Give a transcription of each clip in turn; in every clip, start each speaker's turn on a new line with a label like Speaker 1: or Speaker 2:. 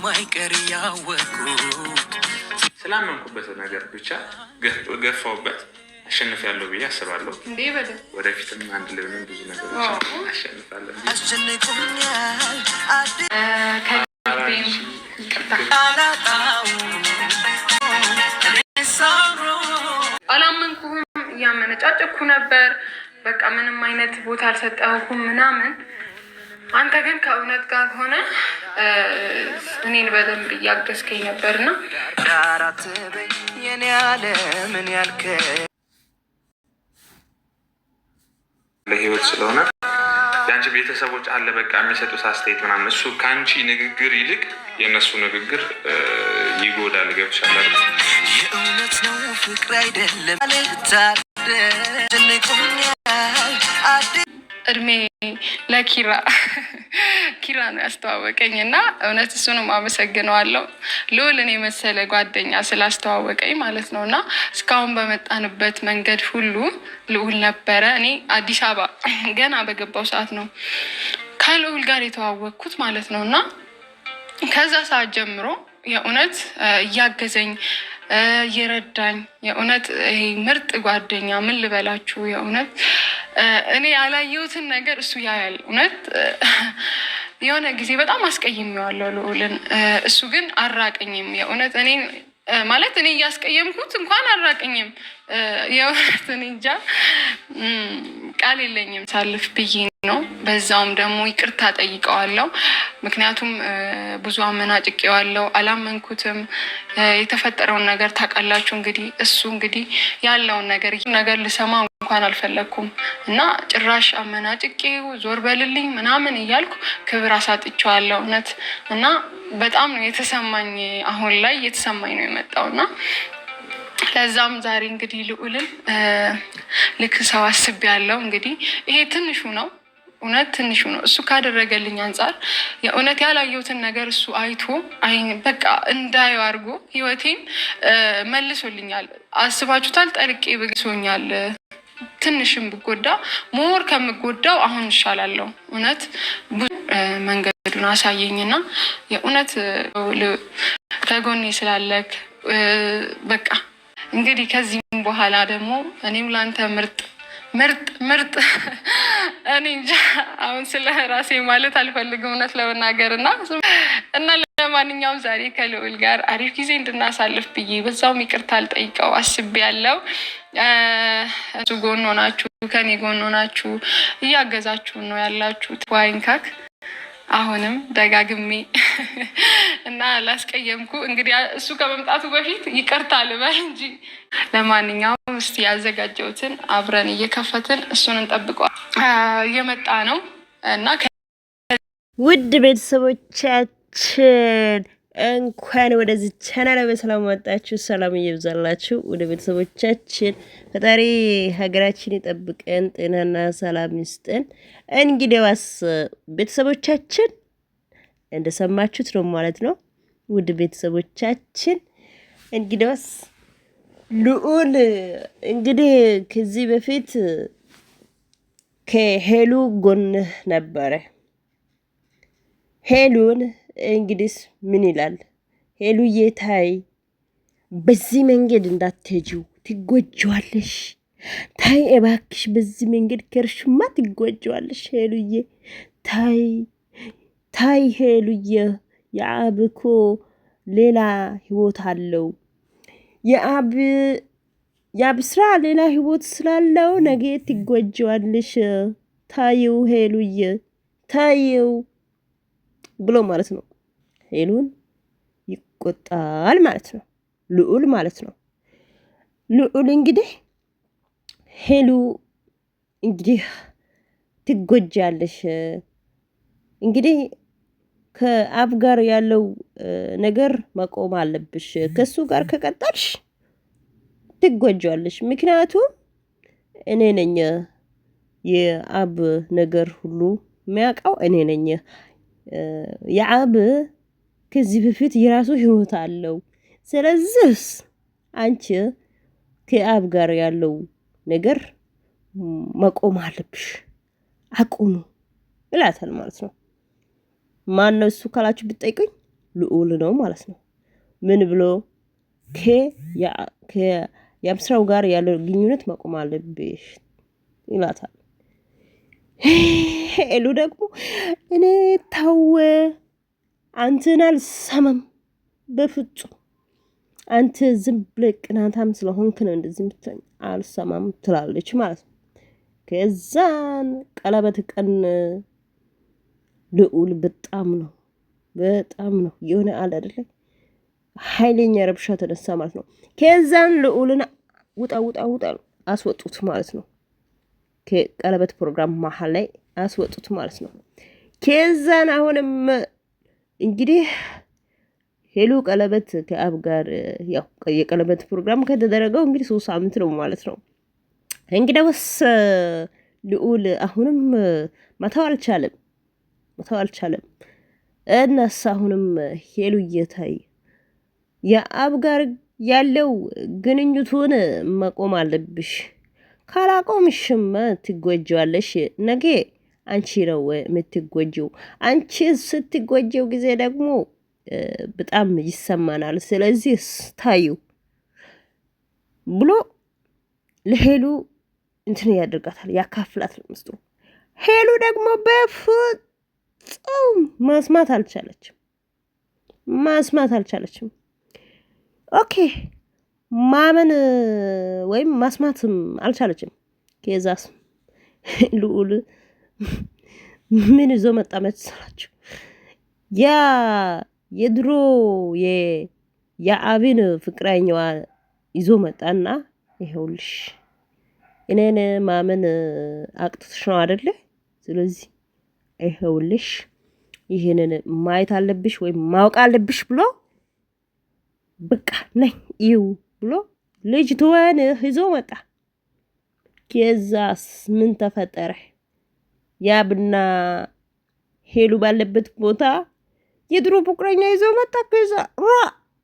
Speaker 1: እንደማይቀር ያወቅኩት ስላመንኩበት ነገር ብቻ ገፋውበት አሸንፍ ያለው ብዬ አስባለሁ። ወደፊትም አንድ ላይ ብዙ
Speaker 2: ነገሮች አሸንፋለን። ነበር። በቃ ምንም አይነት ቦታ አልሰጠሁም ምናምን አንተ ግን ከእውነት ጋር ሆነ እኔን በደንብ እያገዝከኝ ነው አራት የኔ ያለ ምን ያልከ
Speaker 1: ለህይወት ስለሆነ የአንቺ ቤተሰቦች አለ በቃ የሚሰጡት አስተያየት ምናምን እሱ ከአንቺ ንግግር ይልቅ የእነሱ ንግግር ይጎዳል። ገብቶሻል? የእውነት ነው ፍቅር አይደለም።
Speaker 2: እድሜ ለኪራ ኪራ ነው ያስተዋወቀኝ እና እውነት እሱንም አመሰግነዋለሁ። ልውል እኔ መሰለ ጓደኛ ስላስተዋወቀኝ ማለት ነው እና እስካሁን በመጣንበት መንገድ ሁሉ ልውል ነበረ። እኔ አዲስ አበባ ገና በገባው ሰዓት ነው ከልውል ጋር የተዋወቅኩት ማለት ነው እና ከዛ ሰዓት ጀምሮ የእውነት እያገዘኝ እየረዳኝ የእውነት ይሄ ምርጥ ጓደኛ ምን ልበላችሁ የእውነት እኔ ያላየሁትን ነገር እሱ ያያል። እውነት የሆነ ጊዜ በጣም አስቀይሜዋለሁ ልዑልን፣ እሱ ግን አራቀኝም። የእውነት እኔ ማለት እኔ እያስቀየምኩት እንኳን አራቀኝም። የእውነት እንጃ ቃል የለኝም ሳልፍ ብዬ ነው። በዛውም ደግሞ ይቅርታ ጠይቀዋለው። ምክንያቱም ብዙ አመናጭቄዋለሁ፣ አላመንኩትም። የተፈጠረውን ነገር ታውቃላችሁ እንግዲህ። እሱ እንግዲህ ያለውን ነገር ነገር ልሰማ እንኳን አልፈለግኩም እና ጭራሽ አመናጭቄው ዞር በልልኝ ምናምን እያልኩ ክብር አሳጥቼዋለሁ እውነት እና በጣም ነው የተሰማኝ። አሁን ላይ እየተሰማኝ ነው የመጣው እና ለዛም ዛሬ እንግዲህ ልዑልን ልክ ሰው አስብ ያለው እንግዲህ ይሄ ትንሹ ነው እውነት ትንሹ ነው። እሱ ካደረገልኝ አንጻር የእውነት ያላየሁትን ነገር እሱ አይቶ በቃ እንዳየው አድርጎ ህይወቴን መልሶልኛል። አስባችሁታል? ጠልቄ ብሶኛል። ትንሽም ብጎዳ ሞር ከምጎዳው አሁን እሻላለሁ። እውነት ብዙ መንገዱን አሳየኝና የእውነት ከጎኔ ስላለክ በቃ እንግዲህ ከዚህም በኋላ ደግሞ እኔም ለአንተ ምርጥ ምርጥ ምርጥ እኔ እንጃ አሁን ስለ ራሴ ማለት አልፈልግም እውነት ለመናገር እና እና ለማንኛውም ዛሬ ከልዑል ጋር አሪፍ ጊዜ እንድናሳልፍ ብዬ በዛውም ይቅርታ አልጠይቀው አስቤ ያለው እሱ ጎን ሆናችሁ ከኔ ጎን ሆናችሁ እያገዛችሁን ነው ያላችሁ ዋይንካክ አሁንም ደጋግሜ እና ላስቀየምኩ እንግዲህ እሱ ከመምጣቱ በፊት ይቅርታ ልበል እንጂ ለማንኛውም እስኪ ያዘጋጀሁትን አብረን እየከፈትን እሱን እንጠብቀዋል። እየመጣ ነው እና
Speaker 3: ውድ ቤተሰቦቻችን እንኳን ወደዚህ ቻናል በሰላም መጣችሁ። ሰላም እየብዛላችሁ ወደ ቤተሰቦቻችን። ፈጣሪ ሀገራችን ይጠብቀን፣ ጤናና ሰላም ይስጠን። እንግዲያውስ ቤተሰቦቻችን እንደሰማችሁት ነው ማለት ነው። ውድ ቤተሰቦቻችን እንግዲያውስ ልዑል እንግዲህ ከዚህ በፊት ከሄሉ ጎን ነበረ ሄሉን እንግዲስ ምን ይላል? ሄሉዬ ታይ፣ በዚህ መንገድ እንዳትሄጂው ትጎጂዋለሽ። ታይ እባክሽ፣ በዚህ መንገድ ከርሽማ ትጎጂዋለሽ። ሄሉዬ ታይ፣ ታይ ሄሉዬ፣ የአብ እኮ ሌላ ህይወት አለው የአብ ያብ ስራ ሌላ ህይወት ስላለው ነገ ትጎጂዋለሽ። ታየው ሄሉዬ ታየው ብሎ ማለት ነው። ሄሉን ይቆጣል ማለት ነው። ልዑል ማለት ነው። ልዑል እንግዲህ ሄሉ እንግዲህ ትጎጃለሽ እንግዲህ ከአብ ጋር ያለው ነገር መቆም አለብሽ። ከሱ ጋር ከቀጠልሽ ትጎጃለሽ። ምክንያቱም እኔ ነኝ የአብ ነገር ሁሉ የሚያውቀው እኔ ነኝ የአብ ከዚህ በፊት የራሱ ህይወት አለው። ስለዚህ አንቺ ከአብ ጋር ያለው ነገር መቆም አለብሽ፣ አቁሙ ይላታል ማለት ነው። ማን ነው እሱ ካላችሁ ብትጠይቁኝ ልዑል ነው ማለት ነው። ምን ብሎ የምስራው ጋር ያለው ግንኙነት መቆም አለብሽ ይላታል። ሄሉ ደግሞ እኔ ታወ አንተን አልሰማም በፍጹም። አንተ ዝም ብለህ ቅናታም ስለሆንክ ነው እንደዚህ የምትለኝ። አልሰማም ትላለች ማለት ነው። ከዛን ቀለበት ቀን ልዑል በጣም ነው በጣም ነው የሆነ አለ አይደለም ሀይለኛ ረብሻ ተነሳ ማለት ነው። ከዛን ልዑልን ውጣ ውጣ ውጣ አስወጡት ማለት ነው። ከቀለበት ፕሮግራም መሀል ላይ አስወጡት ማለት ነው። ከዛን አሁንም እንግዲህ ሄሉ ቀለበት ከአብ ጋር ያው የቀለበት ፕሮግራም ከተደረገው እንግዲህ ሶስት ሳምንት ነው ማለት ነው። እንግዲህ እንግዲያውስ ልዑል አሁንም መተው አልቻለም፣ መተው አልቻለም። እናስ አሁንም ሄሉ እየታይ የአብ ጋር ያለው ግንኙቱን መቆም አለብሽ። ካላቆምሽማ ትጎጃለሽ ነገ አንቺ ነው የምትጎጂው። አንቺ ስትጎጂው ጊዜ ደግሞ በጣም ይሰማናል። ስለዚህ ታዩ ብሎ ለሄሉ እንትን ያደርጋታል፣ ያካፍላት ምስጢሩ። ሄሉ ደግሞ በፍጹም ማስማት አልቻለችም፣ ማስማት አልቻለችም። ኦኬ ማመን ወይም ማስማትም አልቻለችም። ከዛስ ልዑል ምን ይዞ መጣ መሰላችሁ? ያ የድሮ የአቢን ፍቅረኛዋ ይዞ መጣና ይኸውልሽ እኔን ማመን አቅቶትሽ ነው አደለ? ስለዚህ ይኸውልሽ ይህንን ማየት አለብሽ ወይም ማወቅ አለብሽ ብሎ በቃ ነኝ ይው ብሎ ልጅ ትወን ይዞ መጣ። ከዛስ ምን ተፈጠረ? ያብና ሄሉ ባለበት ቦታ የድሮ ፍቅረኛ ይዘው መጣ። ከዛ ራ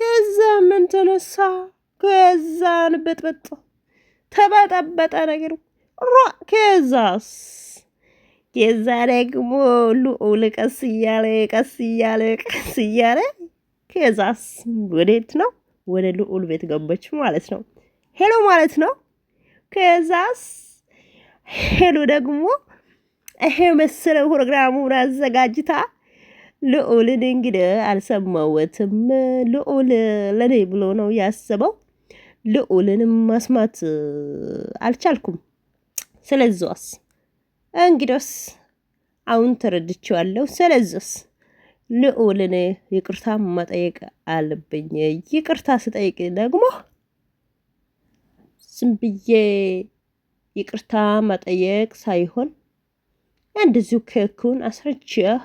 Speaker 3: ከዛ ምን ተነሳ? ከዛ ንበጥበጥ ተበጠበጠ ነገር ራ ከዛስ ከዛ ደግሞ ልዑል ቀስ እያለ ቀስ እያለ ቀስ እያለ ከዛስ ወዴት ነው? ወደ ልዑል ቤት ገባች ማለት ነው ሄሎ ማለት ነው። ከዛስ ሄሎ ደግሞ ይሄ መሰለ ፕሮግራሙን አዘጋጅታ ልዑልን እንግዲህ አልሰማወትም። ልዑል ለኔ ብሎ ነው ያስበው። ልዑልንም ማስማት አልቻልኩም። ስለዚዋስ እንግዲስ አሁን ተረድቼዋለሁ። ስለዚስ ልዑልን ይቅርታ መጠየቅ አለብኝ። ይቅርታ ስጠይቅ ደግሞ ዝም ብዬ ይቅርታ መጠየቅ ሳይሆን እንደዚሁ ክኩን አስረጅህ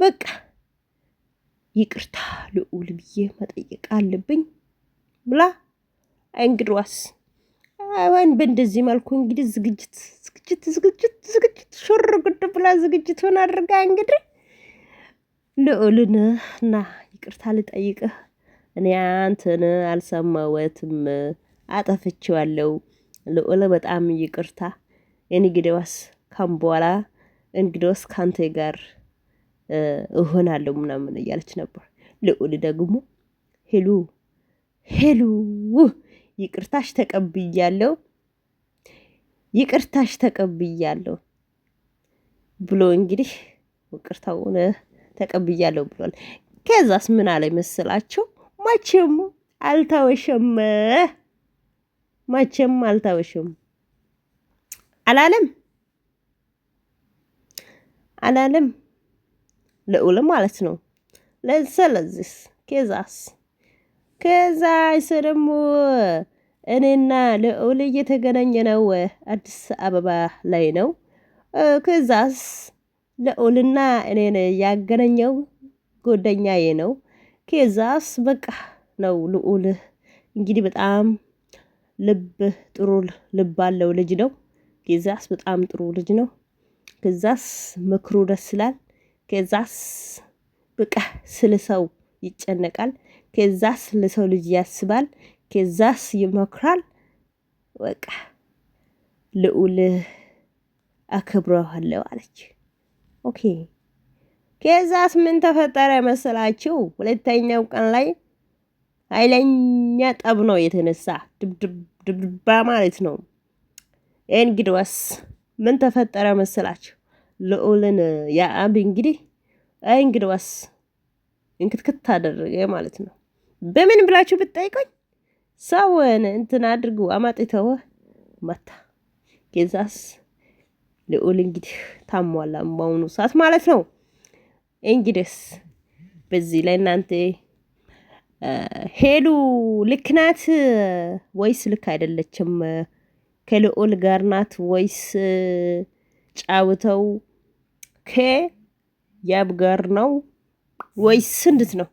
Speaker 3: በቃ ይቅርታ ልዑል ብዬ መጠየቅ አለብኝ ብላ እንግድዋስ ወይን በእንደዚህ መልኩ እንግዲህ ዝግጅት ዝግጅት ዝግጅት ዝግጅት ሹር ጉድ ብላ ዝግጅቱን አድርጋ እንግዲህ ልዑልን እና ይቅርታ ልጠይቅህ እኔ አንተን አልሰማወትም አጠፍቼዋለሁ ልዑል በጣም ይቅርታ የኔ ግደዋስ ከም በኋላ እንግዶስ ከአንተ ጋር እሆናለሁ ምናምን እያለች ነበር። ልዑል ደግሞ ሄሉ ሄሉ ይቅርታሽ ተቀብያለሁ ይቅርታሽ ተቀብያለሁ ብሎ እንግዲህ ይቅርታውን ተቀብያለሁ ብሏል። ከዛስ ምን አለ መሰላችሁ? መቼም አልታወሸም መቼም አልታወሸም አላለም። አላለም? ልዑል ማለት ነው። ለሰለዚስ ከዛስ ከዛ ደግሞ እኔና ልዑል እየተገናኘ ነው፣ አዲስ አበባ ላይ ነው። ከዛስ ልዑልና እኔን ያገናኘው ጎደኛ ነው። ከዛስ በቃ ነው ልዑል እንግዲህ በጣም ልብ ጥሩ ልብ አለው ልጅ ነው። ከዛስ በጣም ጥሩ ልጅ ነው። ከዛስ ምክሩ ደስ ይላል። ከዛስ በቃ ስለ ሰው ይጨነቃል። ከዛስ ለሰው ልጅ ያስባል። ከዛስ ይመክራል። በቃ ልዑል አከብረዋለሁ አለች። ኦኬ ከዛስ ምን ተፈጠረ መሰላችሁ? ሁለተኛው ቀን ላይ ኃይለኛ ጠብ ነው የተነሳ ድብድባ ማለት ነው። እንግዲህ ምን ተፈጠረ መሰላችሁ? ልዑልን ያዕብ እንግዲህ አይ እንግዲህ ዋስ እንክትክት አደረገ ማለት ነው። በምን ብላችሁ ብትጠይቁኝ ሰውን እንትን አድርጉ አማጥተው መታ። ጌዛስ ልዑል እንግዲህ ታሟላ በአሁኑ ሰዓት ማለት ነው። እንግዲህስ በዚህ ላይ እናንተ ሄሉ ልክ ናት ወይስ ልክ አይደለችም? ከልዑል ጋር ናት ወይስ ጫውተው ከያብ ጋር ነው ወይስ እንድት ነው?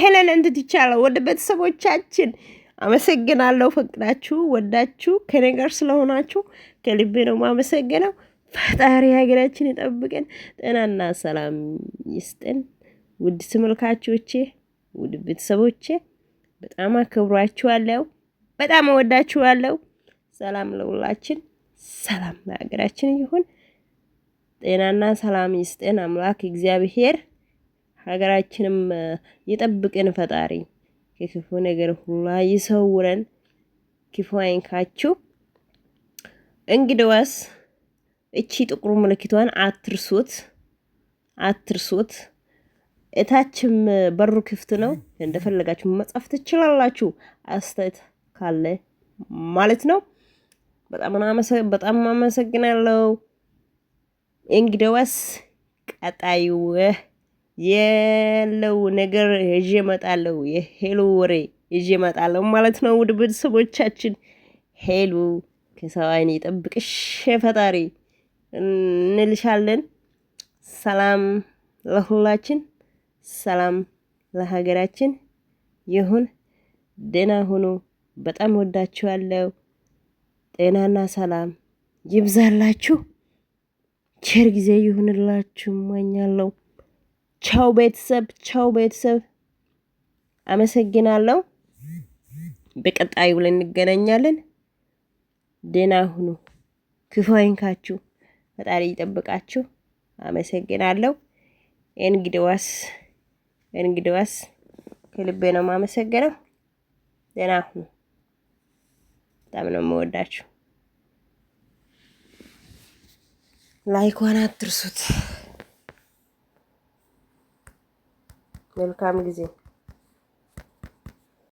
Speaker 3: ሄለን እንድት ይቻላል። ወደ ቤተሰቦቻችን አመሰግናለሁ። ፈቅዳችሁ ወዳችሁ ከኔ ጋር ስለሆናችሁ ከልቤ ነው ማመሰግነው። ፈጣሪ ሀገራችን ይጠብቅን፣ ጤናና ሰላም ይስጠን። ውድ ተመልካቾቼ፣ ውድ ቤተሰቦቼ በጣም አከብሯችኋለሁ፣ በጣም እወዳችኋለሁ። ሰላም ለሁላችን፣ ሰላም ለሀገራችን ይሁን። ጤናና ሰላም ይስጠን አምላክ እግዚአብሔር። ሀገራችንም ይጠብቅን ፈጣሪ። ከክፉ ነገር ሁሉ ይሰውረን፣ ክፉ አይንካችሁ። እንግዲዋስ እቺ ጥቁሩ ምልክቷን አትርሱት፣ አትርሱት። እታችም በሩ ክፍት ነው፣ እንደፈለጋችሁ መጻፍ ትችላላችሁ። አስተያየት ካለ ማለት ነው። በጣም አመሰግናለሁ። እንግዲያውስ ቀጣዩ ያለው ነገር ይዤ እመጣለሁ። የሄሉ ወሬ ይዤ እመጣለሁ ማለት ነው። ውድ ቤተሰቦቻችን ሄሉ ከሰው ዓይን ይጠብቅሽ ፈጣሪ እንልሻለን። ሰላም ለሁላችን፣ ሰላም ለሀገራችን ይሁን። ደህና ሁኑ። በጣም ወዳችኋለሁ። ጤናና ሰላም ይብዛላችሁ። ቸር ጊዜ ይሁንላችሁ እመኛለሁ። ቻው ቤተሰብ፣ ቻው ቤተሰብ። አመሰግናለሁ። በቀጣዩ ላይ እንገናኛለን። ደህና ሁኑ። ክፉ አይንካችሁ። ፈጣሪ ይጠብቃችሁ። አመሰግናለሁ። እንግዲዋስ እንግዲዋስ ከልቤ ነው የማመሰግነው። ደህና ሁኑ። በጣም ነው የምወዳችሁ። ላይኳን አትርሱት። መልካም ጊዜ